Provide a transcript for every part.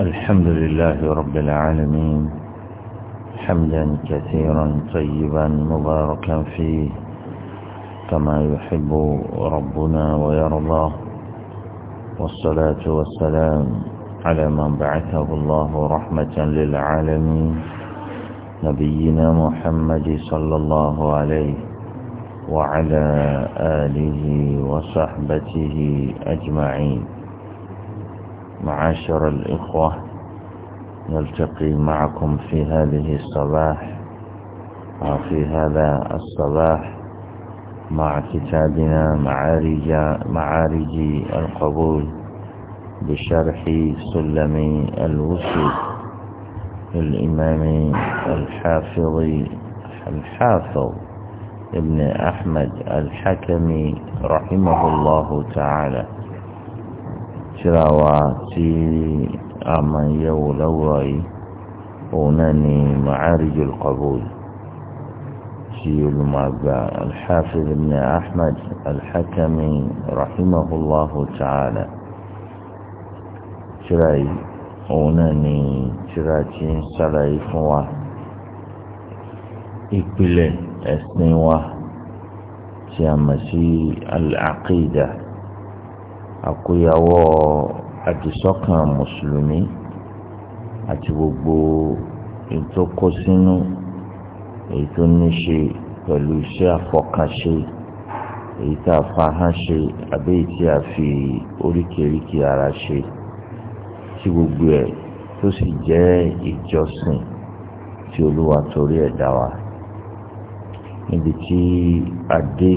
الحمد لله رب العالمين حمدا كثيرا طيبا مباركا فيه كما يحب ربنا ويرضاه والصلاة والسلام على من بعثه الله رحمة للعالمين نبينا محمد صلى الله عليه وعلى آله وصحبته أجمعين معاشر الإخوة نلتقي معكم في هذه الصباح وفي هذا الصباح مع كتابنا معارج, معارج القبول بشرح سلم الوسط للإمام الحافظ الحافظ ابن أحمد الحكمي رحمه الله تعالى tíra tí ama máa ń yẹ̀wò láwùrọ̀ yìí ni Ma'arijul Qabul tí olùmọ̀gbà Al-Hafiz ibn Ahmad Al-Hakami rahimahullahu ta'ala tíra yìí òun náà ni tíra tí ń sàlàyé fún wa ìpìlẹ̀ ẹ̀sìn wa tí ama si sí al-aqida. àkóyawọ́ àdìsọ́kàn mùsùlùmí àti gbogbo ètò kó sínú èyí tó ní ṣe pẹ̀lú iṣẹ́ àfọkànṣe èyí tá a fahán ṣe àbí èyí tí a fi oríkèéríkèé ara ṣe tí gbogbo ẹ̀ tó sì jẹ́ ìjọsìn tí olúwa torí ẹ̀ dá wa níbi tí a dé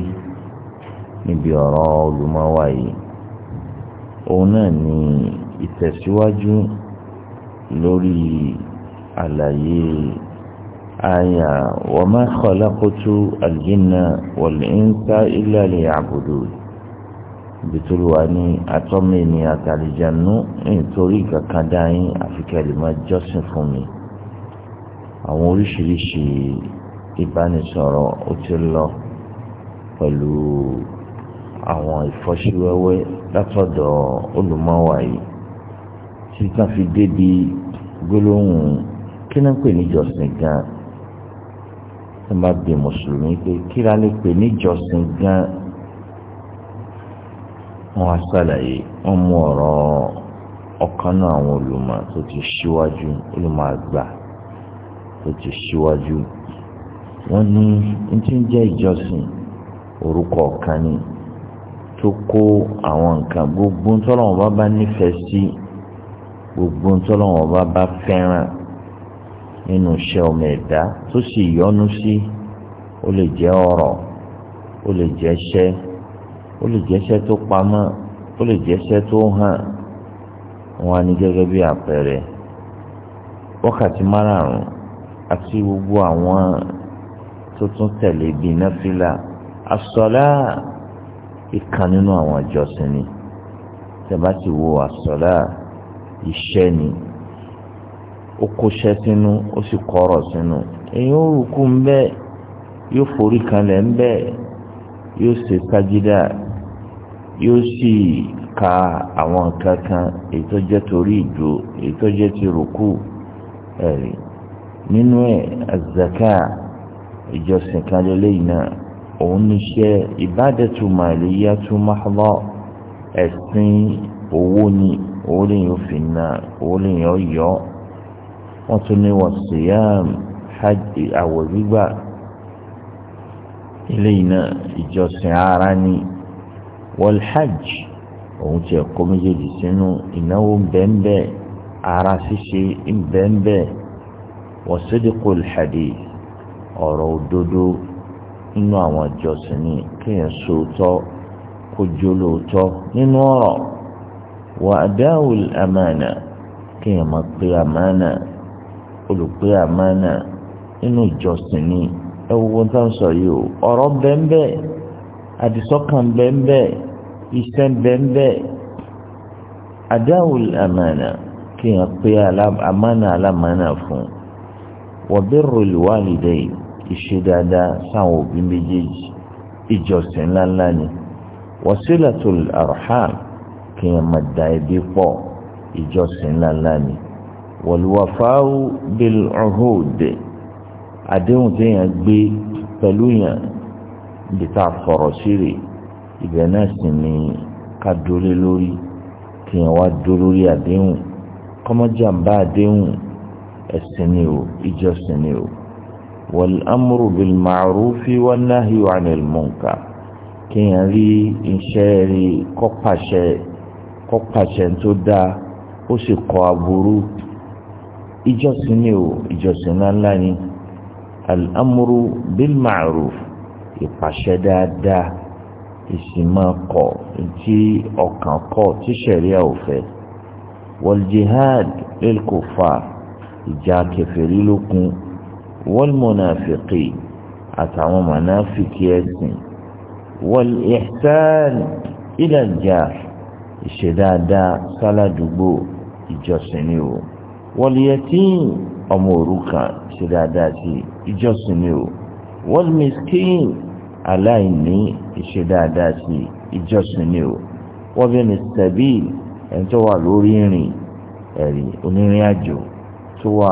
níbi ọ̀rọ̀ olùmọ́wá yìí òun náà ni ìtẹ̀síwájú lórí àlàyé àyà wa ma khalaqtu al-jinna wal-insa illa liya'budun bìtúrúwa ní atọ́mọ ènìyàn àtàlìjànú nítorí kankan dáyín àfikẹ́lì máa jọ́sìn fún mi àwọn oríṣiríṣi ìbánisọ̀rọ̀ ó ti lọ pẹ̀lú àwọn ìfọ́síwẹ́wẹ́ látọ̀dọ̀ olùmọ́wà yìí tí kan fi débi gbólóhùn kí ló ń pè níjọsìn gan tó bá bí mùsùlùmí pé kí la lè pè níjọsìn gan wọn á ṣàlàyé wọn mú ọ̀rọ̀ ọ̀kan náà àwọn olùmọ̀ tó ti ṣíwájú olùmọ̀ àgbà tó ti ṣíwájú wọn ní ní tí ń jẹ́ ìjọsìn orúkọ ọ̀kan ni tó kó àwọn nǹkan gbogbo ntọ́lọ́wọ́n bá bá nífẹ̀ẹ́ sí gbogbo ntọ́lọ́wọ́n bá bá fẹ́ràn nínú iṣẹ́ ọmọ ẹ̀dá tó sì yọ́nú sí ó lè jẹ́ ọ̀rọ̀ ó lè jẹ́ iṣẹ́ ó lè jẹ́ iṣẹ́ tó pamọ́ ó lè jẹ́ iṣẹ́ tó hàn wọn á ní gẹ́gẹ́ bí àpẹẹrẹ wákàtí márààrún àti gbogbo àwọn tó tẹ̀lé bíi náfìlà àsọlá ìkan nínú àwọn ìjọsìn ni tẹ́bá ti wo àsọ̀lá iṣẹ́ ni ó kóṣẹ́ sínú ó sì kọ́rọ̀ sínú èyàn ó rúkú ń bẹ́ẹ̀ yóò forí kanlẹ̀ ń bẹ́ẹ̀ yóò ṣe sájídà yóò sì ka àwọn nǹkan kan èyí tó jẹ́ torí ìdó èyí tó jẹ́ ti rúkú ẹ̀rí nínú ẹ̀ àzàkà ìjọsìn kan lélẹ́yìn náà òun níṣẹ́ ìbádẹ́tù màlíyá tún máhàlọ́ ẹ̀sìn owó ni owó lèyìn òfin náà owó lèyìn ọ̀yọ́ wọ́n tún ní wọ́n sèyàm hajj àwọ̀ gbígbà eléyìí náà ìjọsìn ara ni wọ́n hajj òun tiẹ̀ kó méjèèjì sínú ìnáwó bẹ́ẹ̀nbẹ́ ara ṣíṣe bẹ́ẹ̀nbẹ́ wọ́n sídìkù hadith ọ̀rọ̀ òdodo nínú àwọn ìjọsìn ni kéèyàn sòótọ́ kó jó lóòótọ́ nínú ọ̀rọ̀ wà á dáhùn àmàna kéèyàn máa pé àmàna olùpé àmàna nínú ìjọsìn ni ẹ wo ohun tá à ń sọ yìí o ọ̀rọ̀ bẹ́ẹ̀ àdìsọ́kàn bẹ́ẹ̀ iṣẹ́ bẹ́ẹ̀ àdáhùn àmàna kéèyàn pé àmàna alámàna fún wọ́n bẹ́ẹ̀ rọlùwálì dẹ́yìí ìṣe dáadáa sáwọn òbí méjèèjì ìjọsìn ńláńlá ni wasilatul arham kí n máa da ẹbí pọ̀ ìjọsìn ńláńlá ni wal wafa'u bil uhud àdéhùn téèyàn gbé pẹ̀lú yàn ibi tá a fọ̀rọ̀ síre ibẹ̀ náà sì ni ká dúró lórí kí n wá dúró lórí àdéhùn kọ́mọ́jàmbá àdéhùn ẹ̀sìn ni o ìjọsìn ni o wal-amru bil-ma'rufi wan-nahyu 'anil-munkar kéèyàn rí iṣẹ́ rí kọ́pàṣẹ kọ́pàṣẹ tó dáa ó sì kọ́ aburú ìjọsìn ni o ìjọsìn ńláńlá ni al-amru ìpàṣẹ dáadáa ìsìnmọ́ tí ọkàn kọ̀ tí sẹ̀ríà ò fẹ́ wal-jihad lil-kuffar ìjà lókun wal munafiqi àtàwọn mọ̀nàfìkì ẹ̀sìn wal ihsan ila al-jar ìṣe dáadáa sáládùúgbò ìjọsìn ni o wal yatim ọmọ òrukàn ṣe dáadáa sí ìjọsìn ni o wal miskin aláìní ìṣe dáadáa sí ìjọsìn ni o wọ́n bẹ́ẹ̀ ni sabil ẹni tó wà lórí ìrìn ẹ̀rí onírìn àjò tó wà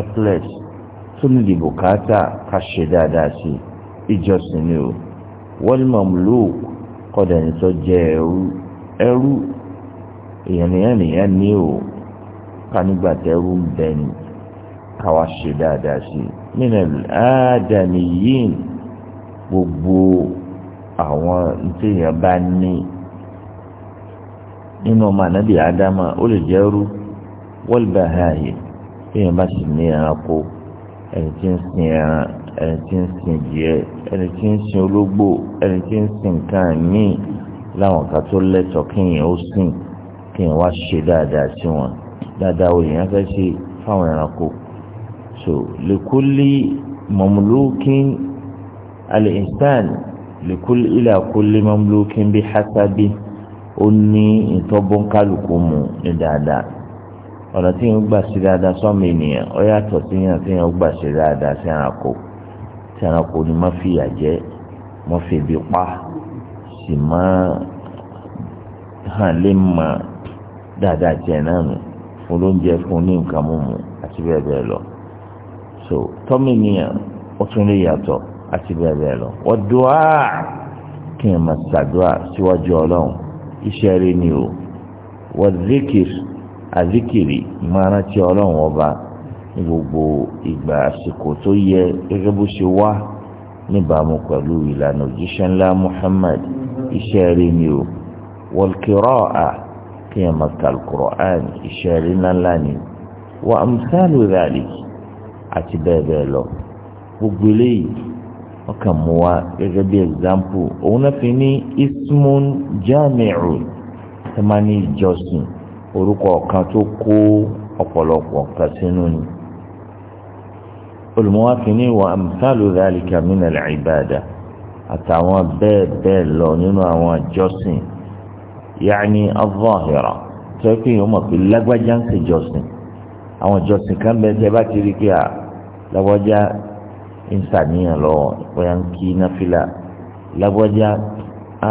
ẹ́pẹ́lẹ́sì tó ní bùkátà ká ṣe dáadáa sí ìjọsìn ni o wal mamluk kọ́dà ní tó jẹ́ ẹrú ẹrú èèyàn nìyẹn nìyẹn ní o ká nígbà ń bẹ ni ká ṣe dáadáa sí minal adamiyyin gbogbo àwọn tíyẹn bá ní nínú ọmọ ànábì ádámà ó lè jẹ́ ẹrú wal bahayim tíyẹn bá sì ní ẹranko ẹni tí ń sin ẹran ẹni tí ń sin ìyẹ ẹni tí ń sin ológbò ẹni tí ń sin nǹkan míì láwọn kan tó lẹ́tọ̀ọ́ kéèyàn ó sìn kéèyàn wá ṣe dáadáa sí wọn dáadáa ó yẹn fẹ́ ṣe fáwọn ẹranko so lèkúlì mamlukin al-insan lèkúlì ila kulli mamlukin bí hásábì ó ní ìtọ́bọ́nkálukú mu ní dáadáa ọ̀nà tí yẹn gbà ṣe dáadáa sọ́mọ ènìyàn ó yàtọ̀ sí yẹn tí yẹn gbà ṣe dáadáa sí ẹranko tí ẹranko ni má fìyà jẹ má febi pa sì má hàn lé mà dáadáa jẹ náà nù fún lóúnjẹ fún ní nǹkan mímu àti bẹ́ẹ̀ bẹ́ẹ̀ lọ so tọ́mọ ènìyàn ó tún lè yàtọ̀ àti bẹ́ẹ̀ bẹ́ẹ̀ lọ wọ́n dùá kí n máa ṣàdúrà síwájú ọlọ́run iṣẹ́ rẹ ni o wọ́n zikir azikiri mara ti ọlọ́run ọba ní gbogbo ìgbà àsìkò tó yẹ gẹ́gẹ́ bó ṣe wá níbàámu pẹ̀lú ìlànà òjíṣẹ́ ńlá Muhammad iṣẹ́ rí ni o wọ́lkìrọ́ à kí ẹ̀ máa kàl Qur'an iṣẹ́ rí ńláńlá ni wà á mùsàlù dhalik àti bẹ́ẹ̀ bẹ́ẹ̀ lọ gbogbo eléyìí wọ́n kàn mú wa gẹ́gẹ́ bí example òun náà fi ní ismun jami'u tamani jọ́sìn orúkọ kan tó kó ọ̀pọ̀lọpọ̀ kan sínú ni olùmọ́wákìíní wa amthalu dhalika min al-ibada àtàwọn bẹ́ẹ̀ bẹ́ẹ̀ lọ nínú àwọn jọ́sìn yaani az-zahira tẹ́kì yóò mọ̀ pé lágbájá ń ṣe jọ́sìn àwọn jọ́sìn kan bẹ́ẹ̀ tẹ́ bá ti rí pé à lágbájá ń sàníyàn lọ bóyá ń kí náfìlà lágbájá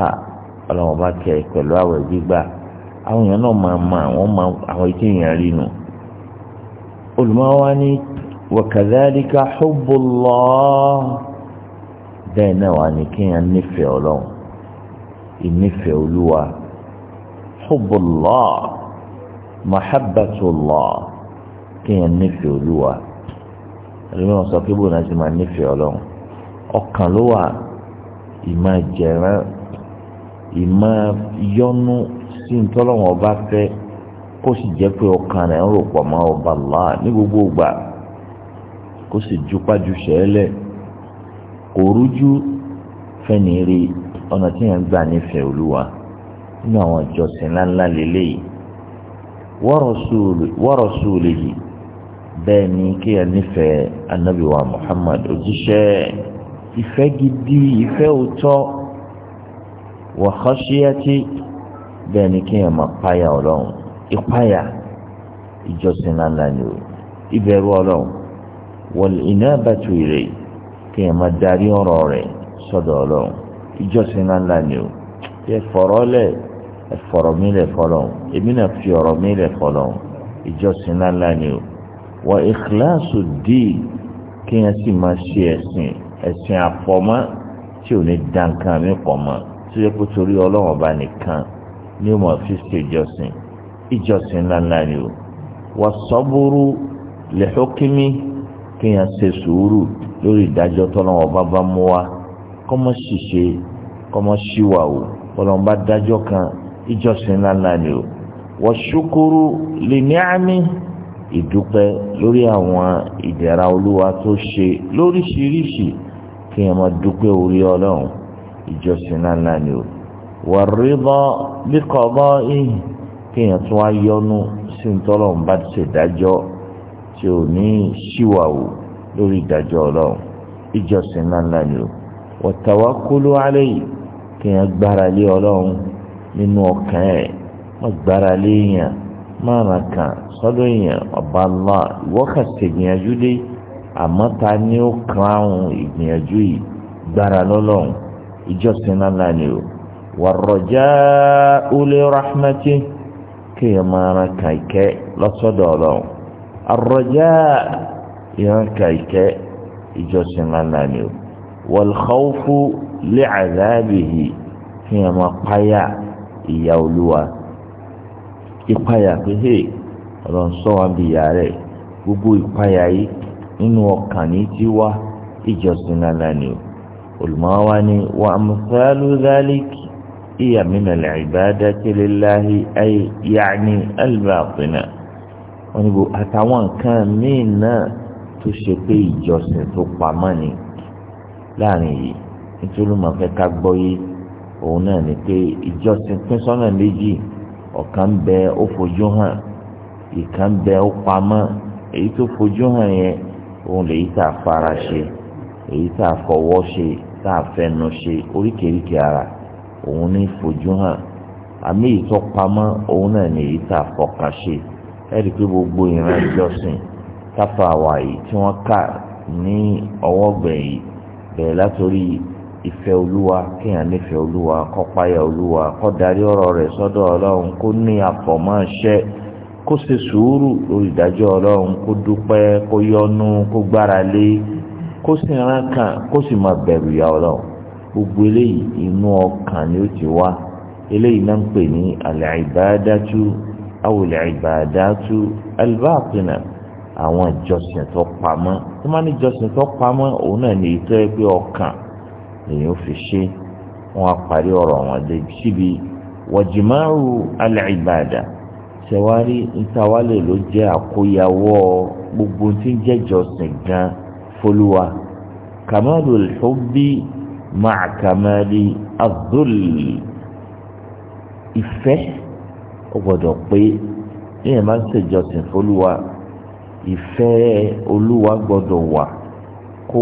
à ọlọ́mọba kẹ pẹ̀lú àwẹ̀ gbígbà àwọn èèyàn náà máa ma àwọn máa àwọn ètò èèyàn rí nu olùmọ́wá ní wàkàdálíkà hubbullah bẹ́ẹ̀ náà wà ní kéèyàn nífẹ̀ẹ́ ọlọ́run ìnífẹ̀ẹ́ olúwa hubbullah mahabbatullah kéèyàn nífẹ̀ẹ́ olúwa ẹlòmíràn sọ pé bóun náà ti máa nífẹ̀ẹ́ ọlọ́run ọkàn ló wà ìmọ̀ jẹ̀rán ìmọ̀ yọnu sí ntọ́lọ́wọ́n bá fẹ́ kó sì jẹ́ pé ọkàn rẹ̀ ń rò pọ̀ mọ́ ọba ní gbogbo ìgbà kó sì jupájú sẹ́lẹ̀ kò rújú fẹ́ni rí ọ̀nà tí yẹn gbà nífẹ̀ẹ́ olúwa nínú àwọn ìjọsìn ńláńlá lélẹ́yìí ni kí ẹ nífẹ̀ẹ́ Muhammad òjíṣẹ́ ìfẹ́ gidi ìfẹ́ òótọ́ bẹ́ẹ̀ ni kéèyàn máa páyà ọlọ́run ìpáyà ìjọsìn ńláńlá ni o ìbẹ̀rù ọlọ́run wal inabatu ilayhi kéèyàn máa darí ọ̀rọ̀ rẹ̀ sọ́dọ̀ ọlọ́run ìjọsìn ńláńlá ni o ẹ fọ̀rọ̀ lẹ̀ ẹ fọ̀rọ̀ mi lẹ̀ fọlọ́run èmi náà fi ọ̀rọ̀ mi lẹ̀ fọlọ́run ìjọsìn ńláńlá ni o wa ikhlasu dii kéèyàn sì máa ṣe ẹ̀sìn ẹ̀sìn àfọ̀mọ́ tí ò ní dànkan mi pọ̀ mọ́ tó yẹ torí ọlọ́run ọba nìkan ní o mọ̀ fi ṣe ìjọsìn ìjọsìn ńláńlá ni o wà sọ́búrú lẹ́hókímí kéèyàn ṣe sùúrù lórí ìdájọ́ tọ́lọ́wọ́ bá bá mú wa kọ́mọ ṣìṣe kọ́mọ ṣìwà o ọlọ́run bá dájọ́ kan ìjọsìn ńláńlá ni o wà ṣukuru lè ní àmì ìdúpẹ́ lórí àwọn ìdẹ̀ra olúwa tó ṣe lóríṣiríṣi kéèyàn máa dúpẹ́ orí ọlọ́run ìjọsìn ńláńlá ni o wàrídọ́ bí kọ́bọ́ yìí kéèyàn tún wá yọnu sí ntọ́lọ̀ ń bá ti ṣe ìdájọ́ tí ò ní ṣíwàwò lórí ìdájọ́ ọlọ́run ìjọsìn ńláńlá ni o wọ̀tàwákúlú alẹ́ yìí kéèyàn gbára lé ọlọ́run nínú ọkàn ẹ̀ má gbára lé èèyàn má ràn kàn sọ́dọ̀ èèyàn ọba ńlá ìwọ́kàtì ìgbìyànjú dé àmọ́ ta ni ó kàn án ìgbìyànjú yìí gbára lọ́lọ́run ìjọsìn ńláńlá ni o. والرجاء لرحمته كي ما كيك لصدولو الرجاء يان كيك يجوسن لانيو والخوف لعذابه كي ما قيا يولوا ìpayà pé hey ọlọ́run sọ wá bí ìyá rẹ̀ gbogbo ìpayà yìí nínú ọkàn ní tí wá ìjọsìn náà lánàá olùmọ́wá ni wàá mùsàlù هي من العبادة لله أي يعني الباطنة ونبو أتوان كان منا تشبي جوسف قماني لاني nítorí ma fẹ́ ká gbọ́ yé òun náà ni pé ìjọsìn pín sọ́nà méjì ọ̀kan bẹ ó fojú hàn ìkan bẹ ó pamọ́ èyí tó fojú hàn yẹn òun lèyí tá a fara ṣe èyí tá a fọwọ́ ṣe tá a fẹnu ṣe oríkèéríkèé ara òun ní fojú hàn àmì ìtọ́pamọ́ òun náà ní èyí tá a fọkàn ṣe ẹ̀rí pé gbogbo ìran ìjọsìn táfà wàyí tí wọ́n kà ní ọwọ́ gbẹ̀yìn bẹ̀rẹ̀ látòrí ìfẹ́ olúwa kéèyàn nífẹ̀ẹ́ olúwa kó páyà olúwa kó darí ọ̀rọ̀ rẹ̀ sọ́dọ̀ ọlọ́run kó ní àfọ̀mọ́ṣẹ́ kó ṣe sùúrù lórí ìdájọ́ ọlọ́run kó dúpẹ́ kó yọ́nú kó gbára lé kó sì ránkàn kó sì máa bẹ̀rù ìyà ọlọ́run. gbogbo eléyìí inú ọkàn ni ó ti wá eléyìí náà ń pè ní al-ibadatu aw al-ibadatu àwọn ìjọsìn tó pamọ́ tó máa ní ìjọsìn tó pamọ́ òun náà ní ìtọ́ ẹgbẹ́ ọkàn lèyìn ó fi ṣe wọn á parí ọ̀rọ̀ wọn dé síbi wajima'u al-ibada ṣẹwárí ntawálẹ̀ ló jẹ́ àkóyawọ́ gbogbo tí ń jẹ́ gan fọlúwa máa kàmáàlì abdul ìfẹ́ ó gbọ́dọ̀ pé yíyan máa ń ṣèjọsìn fọlúwa ìfẹ́ olúwa gbọ́dọ̀ wà kó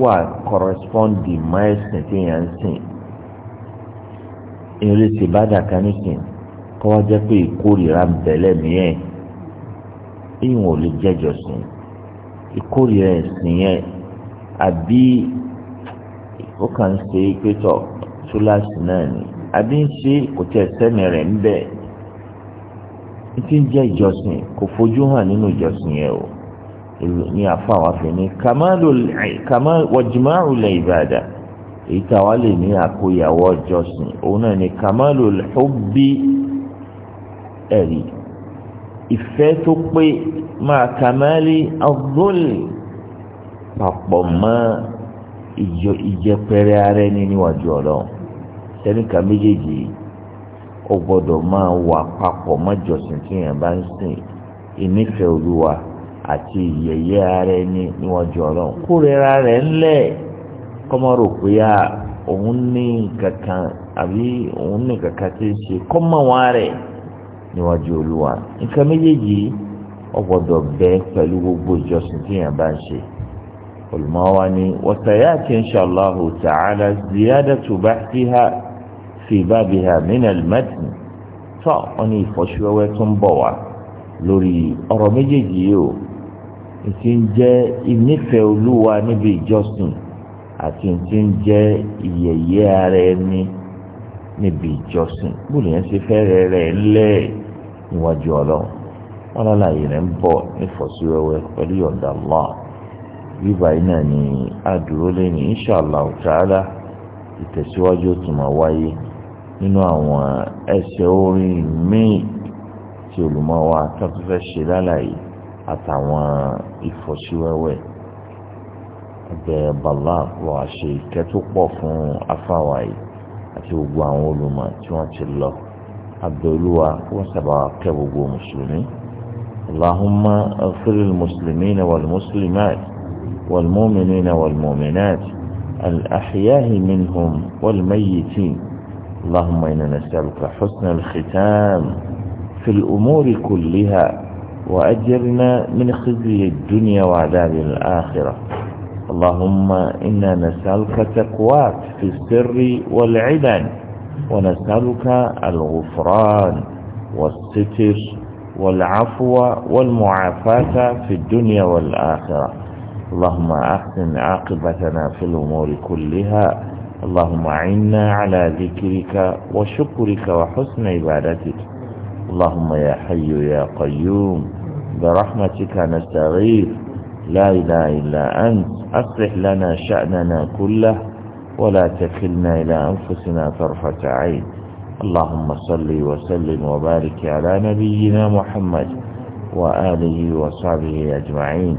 wà kọrẹspọ́ndì máa ẹ̀sìn tí yẹn ń sìn ìrètí bá dàka nìkan kọ́ wá jẹ́ pé ìkórìíra ń bẹ̀lẹ̀ mìíràn ìwọ̀n ò lè jẹ́jọsìn ìkórìíra ẹ̀sìn yẹn àbí ó kàn ń ṣe pétọ̀ túláàsì náà ni àbí ń ṣe kò tẹ̀ sẹ́mi rẹ̀ ń bẹ̀ ti ń jẹ́ ìjọsìn kò fojú hàn nínú ìjọsìn yẹn o ní afa wa fi ni kàmá wàjúmáàrú lẹ ìbàdà èyí tá a wá lè ní àkóyàwó ìjọsìn òun náà ni kàmá ló hubbi ẹ̀rí ìfẹ́ tó pé máa kàmá lé ọgọ́lì papọ̀ mọ́. ìjọ ìjẹpẹrẹ ara ẹni níwájú ọlọ́run sẹ́ríkà méjèèjì ó gbọ́dọ̀ máa wà papọ mọ́jọsìn tí yẹn bá ń sìn ìnífẹ̀ẹ́ olúwa àti ìyẹ̀yẹ́ ara ẹni níwájú ọlọ́run kórìíra rẹ̀ ńlẹ̀ kọ́mọ́rò pé a òun ní kankan àbí òun ní kankan tí ń ṣe kọ́mọ́ wọn rẹ̀ níwájú olúwa nǹkan méjèèjì ó gbogbo ìjọsìn tí yẹn bá ń olùmọ́wání wọ́sàyàtì inṣàlláhu شاء الله تعالى fi babiha في بابها من wọn ni ìfọ́síwẹ́wẹ́ tó ń bọ̀ wá lórí ọ̀rọ̀ méjèèjì yìí o ìtì ń jẹ́ ìnífẹ̀ẹ́ olúwa níbi ìjọsìn àti ìtì ń jẹ́ ìyẹ̀yẹ́ ara ẹni níbi ìjọsìn bóyá yẹn ṣe fẹ́ rẹ̀ rẹ̀ lẹ́ níwájú ọlọ́run wọn lọ́la yìí rẹ̀ ń bọ̀ nífọ̀síwẹ́wẹ́ pẹ̀lú yọ̀ǹda Allah bíbá yìí náà ni àdúró lẹ́nu inṣàlá ta'ala ìtẹ̀síwájú tó máa wáyé nínú àwọn ẹsẹ̀ orin míì tí olùmọ̀ wa tó tún fẹ́ ṣe lálàyé àtàwọn ìfọ̀síwẹ́wẹ́ ẹgbẹ́ bàbá àpọ̀ àṣẹ ìkẹ́ fún afáwa àti gbogbo àwọn olùmọ̀ tí wọ́n ti lọ abdulluwa wọ́n sábà kẹ́ gbogbo mùsùlùmí allahumma afiril muslimina wal والمؤمنين والمؤمنات الأحياء منهم والميتين اللهم إنا نسألك حسن الختام في الأمور كلها وأجرنا من خزي الدنيا وعذاب الآخرة اللهم إنا نسألك تقواك في السر والعلن ونسألك الغفران والستر والعفو والمعافاة في الدنيا والآخرة اللهم أحسن عاقبتنا في الأمور كلها اللهم عنا على ذكرك وشكرك وحسن عبادتك اللهم يا حي يا قيوم برحمتك نستغيث لا إله إلا أنت أصلح لنا شأننا كله ولا تكلنا إلى أنفسنا طرفة عين اللهم صل وسلم وبارك على نبينا محمد وآله وصحبه أجمعين